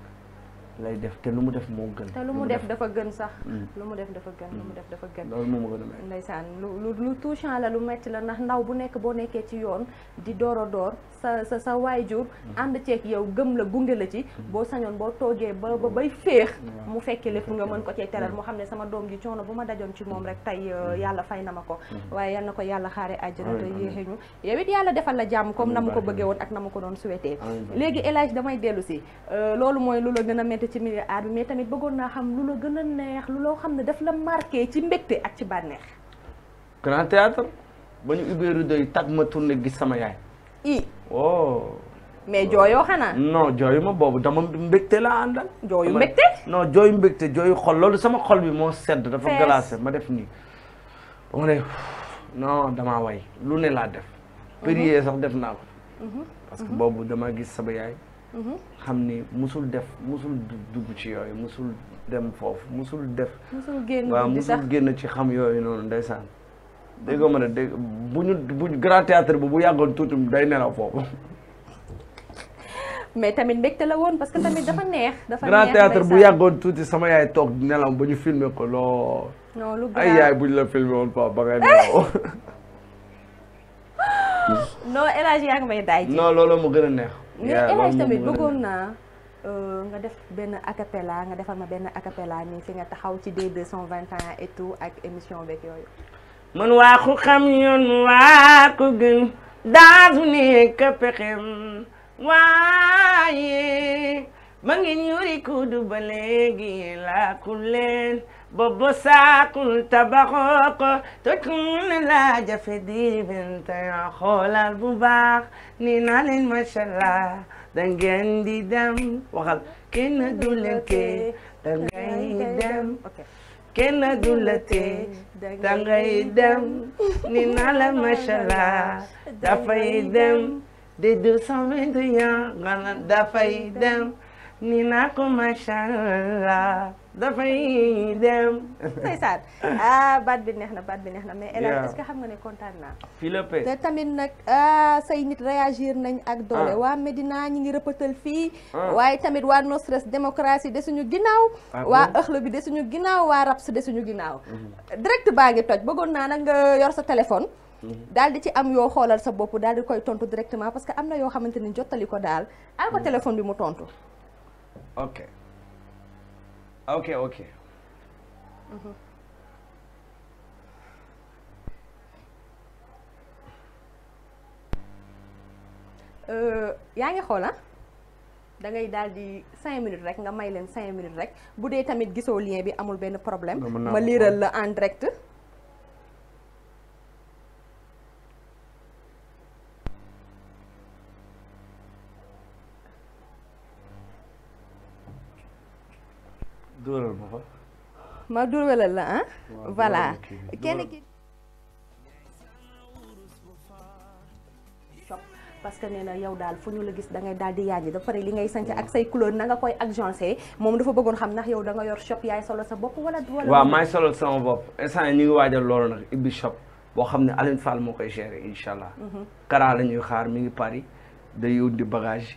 lay def te lu mu def moo gën te lu mu def dafa gën sax mm. lu mu def dafa gën lu mu def dafa gën mm. loolu moom gën a métti ndeysaan lu lu touchant la lu métti la ndax ndaw bu nekk boo nekkee ci yoon di door a door sa sa sa waajur ànd ceeg yow gëm la gunge la ci boo sañoon boo toogee ba ba bay féex mu fekkee lépp nga mën ko cee teral mm. mu xam ne sama doom ji coono bu ma dajoon ci moom rek tey euh, mm. yàlla fay na ma ko mm. waaye yal na ko yàlla xaare àjjana te yéexeñu yow it yàlla defal la jàmm comme na ma ko bëggee woon ak na ma ko doon souhaité léegi El Hadj damay dellu si euh, loolu mooy lu la gën a métti ci milieu art bi mais tamit bëggoon naa xam lu la gën a neex lu loo xam ne daf la marqué ci mbégte ak ci bànneex grand théâtre ba ñu ubbee rideau tag ma tourné gis sama yaay oh. mais jooyoo xanaa. non jooyu ma boobu dama mbëgte laa àndal. jooyu mbégte. non jooyu mbégte jooyu xol loolu sama xol bi moo sedd. dafa glacé ma def nii. ba mu ne non damaa way lu ne laa def. prier sax def naa ko. parce que boobu dama gis sama yaay. xam ni mosul def musul dugg ci yooyu mosul dem foofu musul def. musul génn waaw musul génn ci xam yooyu noonu ndeysaan. dégg ma ne dégg buñu ñu grand théâtre bu bu yàggoon tuuti day nelaw foofu. mais tamit mbégte la woon parce que tamit dafa neex. dafa neex grand théâtre bu yàggoon tuuti sama yaay toog nelaw ba ñu filmer ko loo. lu ay yaay buñ la filmé woon pa ba ngay nelaw. non élage Hadj yaa ngi may daaj. non loolu mu gën a neex. mais El Hadj tamit bëggoon naa. Euh, nga def benn acapella nga defal ma benn acapella ni fi nga taxaw ci D221 et tout ak émission beeg yooyu. من واخو خميون واكو جن دازوني كبخم واي مانجن يوري كودو بلغي لا كلين بابو ساكو تبخوكو تكون لا جفدي بنت يا خول البباخ نينالين ما شاء الله دنجن دي دم وغل كن دولن كي دنجن دم كن دولتي dangay dem ni naa la mashallah dafay dem de deux cent vingt et dafay dem ni naa ko mashallah dafay dem. ndeysaan ah baat bi neex na baat bi neex na mais. Elane est que xam nga ne kontaan naa. fii te tamit nag ah, say nit réagir nañ ak doole. Ah. waa Medina ñi ngi rëppatal fii. Ah. waaye tamit waa No Stress de suñu ginnaaw. waa ëxlu bi de suñu ginnaaw waa de suñu ginnaaw. Mm-hmm. direct baa ngi toj bëggoon naa nag nga yor sa téléphone. Mm-hmm. daal di ci am yoo xoolal sa bopp daal di koy tontu directement parce que am na yoo xamante ni jottali ko daal. al ko mm-hmm. téléphone bi mu tontu. Okay, okay. Yani -hmm. Uh, yaa ngi xool ah? da di cinq minutes rek nga may leen cinq rek bu dee tamit gisoo lien bi amul benn problem, ma liiral la dóoral ma fa. ma dóoralal la ah. voilà kenn ki. parce que nee na yow daal fu ñu la gis dangay ngay daal di yaaññi da pare li ngay sant ak say couleur na nga koy agencé moom dafa bëggoon xam ndax yow da nga yor shop yaay solo sa bopp wala. wala waaw maay solo sama bopp instant yii ñu ngi waajal loolu nag ibbi shop boo xam ne Aline Fall moo koy gérer incha allah. Mhm. Kara xaar mi ngi Paris day yóbbu di bagage.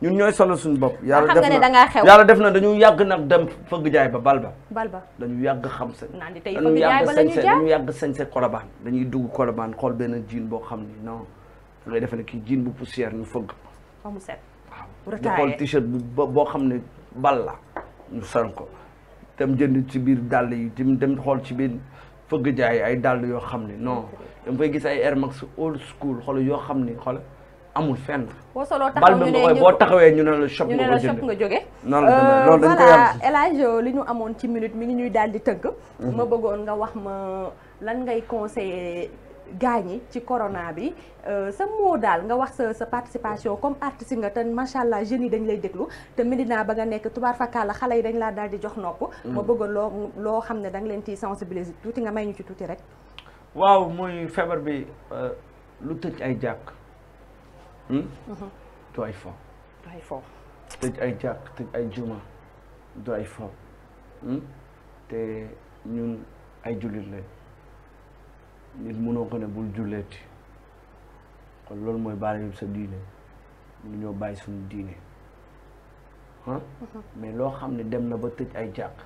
ñun ñooy solo suñu bopp. yàlla def na yàlla def na dañu yàgg nag dem fëgg jaay ba balba. ba dañu yàgg xam sa. naan di tey fëgg jaay ba la ñu jaar dañu yàgg sañse kolobaan dañuy dugg kolobaan xool benn jiin boo xam ni non da defe ne kii jiin bu poussière ñu fëgg. ba mu set waaw ñu xool t boo xam ne bal la san ko. dem jënd ci biir dàll yi dem dem xool ci biir fëgg jaay ay dàll yoo xam ne non dama fay gis ay Air Max old school xool yoo xam ni xool. amul fenn. wasaloo taxaw ñu taxawee ñu ne la shop nga ko jënd nga jóge. noonu la euh, li ñu amoon ci minute mi ngi ñuy daal di tënk. Mhm. ma bëggoon nga wax ma lan ngay conseiller gaañi ci corona bi euh, sa moo daal nga wax sa sa participation comme artiste nga te macha allah jeunes yi dañ lay déglu te Medina ba nga nekk tubaar fakkaala xale yi dañ laa daal di jox nopp. Mhm. ma bëggoon loo loo xam ne danga leen ti sensibiliser tuuti nga may ñu ci tuuti rek. waaw muy feebar bi euh, lu tëj ay jàkk. Hmm? Uh-huh. du ay fo. ay fo. tëj ay jàkk tëj ay juma du fo. Hmm? te ñun ay jullit lañ nit mënoo ko ne bul julleeti kon loolu mooy baal ñu sa diine ñu ñoo bàyyi suñu diine ah mais loo xam ne dem na ba tëj ay jàkk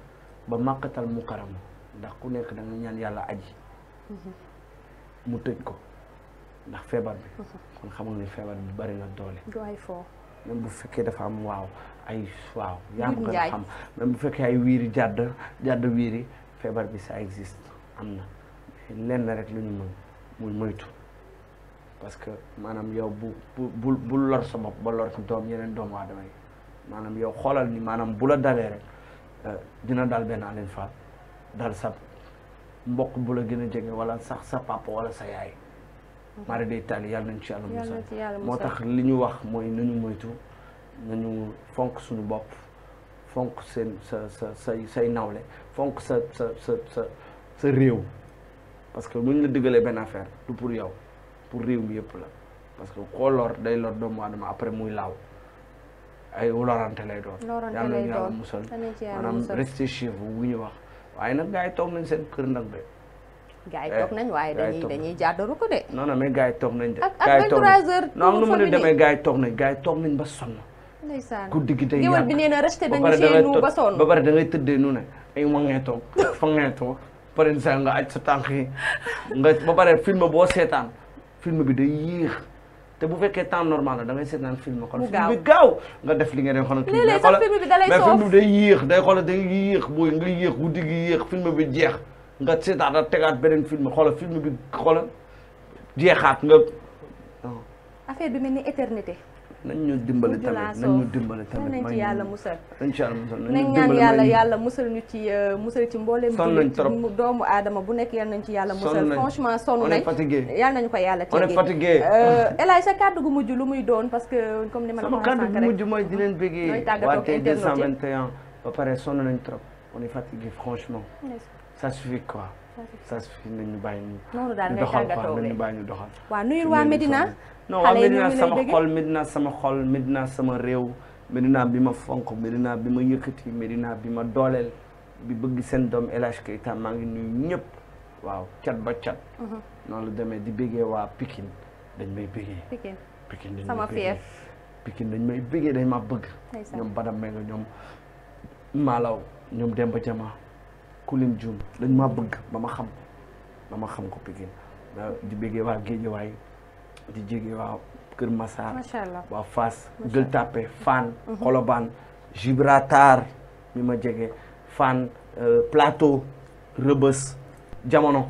ba màqatal mu ndax ku nekk da nga ñaan yàlla aji uh-huh. mu tëj ko ndax febar bi kon xam nga ne feebar bi bari na doole du ay foo même bu fekke dafa am waaw ay waaw yaa ko xam même bu fekke ay wiri jadd jadd wiri febar bi ça existe amna lenn rek lu ñu mën muy moytu parce que manam yow bu bu bu lor sa bopp ba lor ci doom yeneen doomu aadama yi maanaam yow xolal ni manam bu la dalé rek euh, dina dal ben Alioune Fall dal sa mbokk bu la gëna a wala sax sa papa wala sa yaay maara day taali yàlla nañ ci yàlla musal moo tax li ñu wax mooy nañu moytu ñu fonk suñu bopp fonk seen sa sa say say nawle fonk sa sa sa sa réew parce que bu ñu la dëggalee benn affaire du pour yow pour réew mi yëpp la parce que koo lor day lor doomu aadama après muy laaw ay lorante lay doon yàlla nañu yàlla musal maanaam restez chez vous bu ñu wax waaye nag gars yi toog nañ seen kër nag de gars yi eh, toog nañ waaye dañuy dañuy jàddaru ko de. non non mais gars yi toog nañ de. ak ak 23h. non nu mu ne demee gars yi toog nañ gars yi toog nañ ba bi nee na resté dañu see nu ba sonn ba pare da ngay tëddee nu ne ay ma ngay toog fa ngay toog sa nga sa tànk yi nga ba pare film boo seetaan film bi day yéex te bu fekkee temps normal la da ngay seetaan film kon film bi gaaw nga def li nga da lay soof mais film bi day yéex day xoolal film bi jeex nga seetaat ak tegaat beneen film xoolal film bi xoolal jeexaat nga. Oh. affaire bi mel ni éternité. nañ ñu dimbali tamit nañ ñu dimbali tamit nañ ci yàlla musal nañ ci yàlla musal nañ ñaan yàlla yàlla musal ñu ci euh, musal ci mbooleem doomu aadama bu nekk yal nañ ci yàlla musal franchement sonn nañ yal nañu ko yàlla tege on est fatigué euh, El Hadj sa kàddu gu mujj lu muy doon parce que comme ni ma sama kàddu gu mujj mooy di leen bëggee waa tey deux cent vingt et ba pare sonn nañ trop on est ça suffit quoi. ça suffit nañu bàyyi ñu. noonu daal ngay tàggatoo nañu bàyyi ñu doxal. waaw nuyul waa Medina. non waa Medina sama xol Medina sama sama réew. Medina bi ma fonk Medina bi ma yëkkati Medina bi ma dooleel bi bëgg seen doom El maa ngi nuyu ñëpp waaw cat ba cat. Mhm. noonu la demee di bëggee waa pikin dañ may bëggee. Pikine Pikine dañ may bëggee dañ may bëggee dañ ma bëgg. ñoom Badam Mbengue ñoom Malaw ñoom Demba Jama. ku lim juum dañ maa bëgg ba ma xam ko ba ma xam ko Pikine di bëggee waa Géejawaay di jégee waa Kër Massar waa Fass Gueule Tapée Fann mhm. Colobane Gibraltar mi ma jege Fann euh, Plateau Rebeuss jamono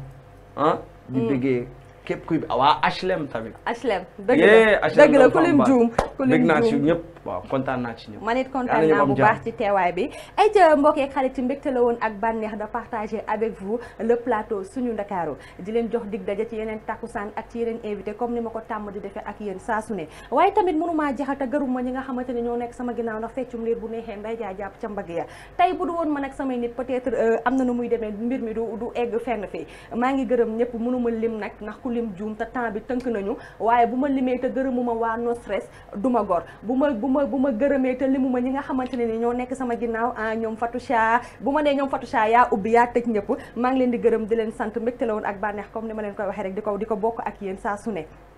ah di mm. bëggee képp kuy waa HLM tamit HLM dëgg la dëgg la ku waaw kontaan naa ci ñoom man it kontaan naa bu baax ci teewaay bi ay ca mbokk yeeg xarit ci mbégte la woon ak bànneex da partager avec vous le plateau suñu ndakaaru di leen jox dig daje ci yeneen saan ak ci yeneen invité comme ni ma ko tàmm di defee ak yéen saa su ne waaye tamit mënumaa jaxata ma ñi nga xamante ne ñoo nekk sama ginnaaw ndax feccum liir bu neexee nday jaa jàpp ca mbagg ya tey bu du woon man ak samay nit peut-être euh, am na nu muy demee mbir mi du du egg fenn fii maa ngi gërëm ñëpp mënuma lim nag ndax ku lim juum te temps bi tënk nañu waaye bu ma limee te gërëmuma waa no stress duma gor bu ma ma bu ma gërëmee te limu ma ñi nga xamante ne ni ñoo nekk sama ginnaaw ah ñoom Fatoucha bu ma nee ñoom Fatoucha yaa ubbi yaa tëj ñëpp maa ngi leen di gërëm di leen sant mbégte la woon ak bànneex comme ni ma leen koy waxee rek di ko di ko bokk ak yéen saa su ne